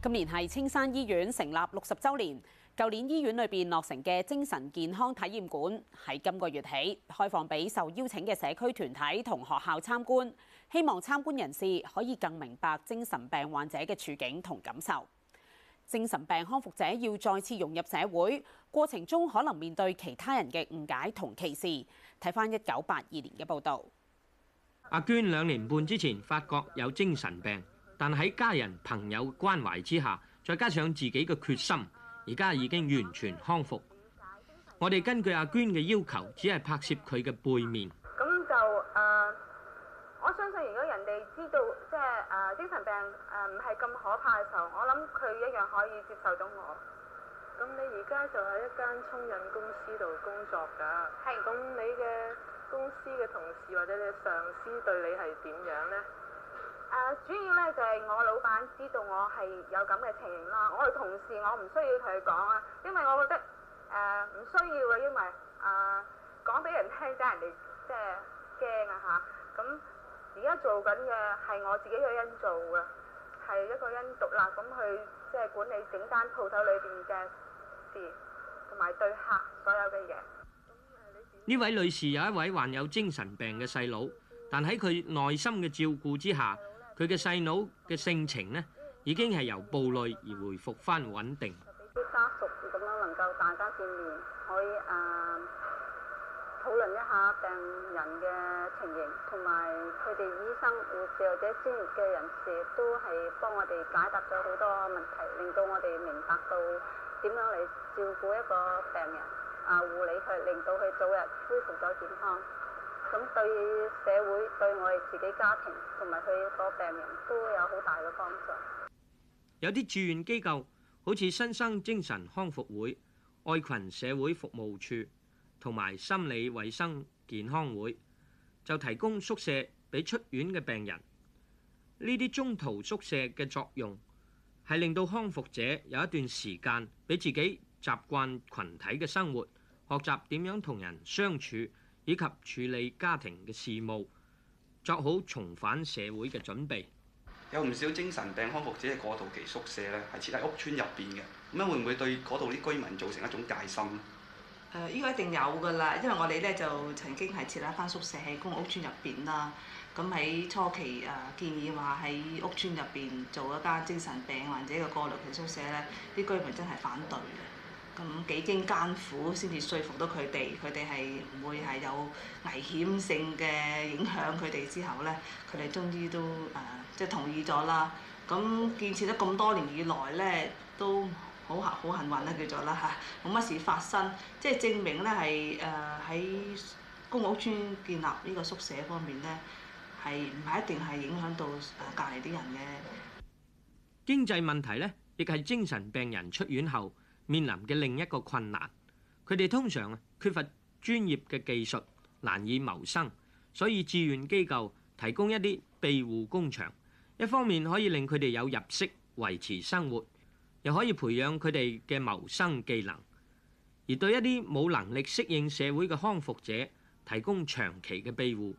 今年係青山醫院成立六十周年。舊年醫院裏邊落成嘅精神健康體驗館喺今個月起開放俾受邀請嘅社區團體同學校參觀，希望參觀人士可以更明白精神病患者嘅處境同感受。精神病康復者要再次融入社會，過程中可能面對其他人嘅誤解同歧視。睇翻一九八二年嘅報道，阿娟兩年半之前發覺有精神病。但喺家人朋友關懷之下，再加上自己嘅決心，而家已經完全康復。我哋根據阿娟嘅要求，只係拍攝佢嘅背面。咁就誒、uh, 我相信如果人哋知道即係誒精神病誒唔係咁可怕嘅時候，我諗佢一樣可以接受到我。咁你而家就喺一間沖印公司度工作㗎，係咁是你嘅公司嘅同事或者你上司對你係點樣咧？誒，主要咧，就係、是、我老闆知道我係有咁嘅情形啦。我嘅同事我唔需要同佢講啊，因為我覺得誒唔、呃、需要，因為誒、呃、講俾人聽，等人哋即係驚啊吓。咁而家做緊嘅係我自己一個人做嘅，係一個人獨立咁、嗯、去即係管理整間鋪頭裏邊嘅事同埋對客所有嘅嘢。呢位女士有一位患有精神病嘅細佬，但喺佢內心嘅照顧之下。佢嘅細佬嘅性情呢，已經係由暴戾而回復翻穩定。俾啲家屬咁樣能夠大家見面，可以啊討論一下病人嘅情形，同埋佢哋醫生、護士或者專業嘅人士都係幫我哋解答咗好多問題，令到我哋明白到點樣嚟照顧一個病人啊護、呃、理佢，令到佢早日恢復咗健康。咁對社會對我哋自己家庭同埋佢個病人都有好大嘅幫助。有啲住院機構，好似新生精神康復會、愛群社會服務處同埋心理衞生健康會，就提供宿舍俾出院嘅病人。呢啲中途宿舍嘅作用係令到康復者有一段時間俾自己習慣群體嘅生活，學習點樣同人相處。以及處理家庭嘅事務，做好重返社會嘅準備。有唔少精神病康復者嘅過渡期宿舍咧，係設喺屋邨入邊嘅。咁樣會唔會對嗰度啲居民造成一種戒心呢？誒，呢個、呃、一定有㗎啦，因為我哋咧就曾經係設喺翻宿舍喺公屋邨入邊啦。咁喺初期誒建議話喺屋邨入邊做一間精神病患者嘅過渡期宿舍咧，啲居民真係反對嘅。幾經艱苦先至說服到佢哋，佢哋係唔會係有危險性嘅影響佢哋之後咧，佢哋終於都誒、呃、即係同意咗啦。咁、啊、建設咗咁多年以來咧，都好幸好幸運啦叫做啦嚇，冇、啊、乜事發生，即係證明咧係誒喺公屋邨建立呢個宿舍方面咧，係唔係一定係影響到隔籬啲人嘅經濟問題咧，亦係精神病人出院後。面臨嘅另一個困難，佢哋通常缺乏專業嘅技術，難以謀生，所以志願機構提供一啲庇護工場，一方面可以令佢哋有入息維持生活，又可以培養佢哋嘅謀生技能，而對一啲冇能力適應社會嘅康復者，提供長期嘅庇護。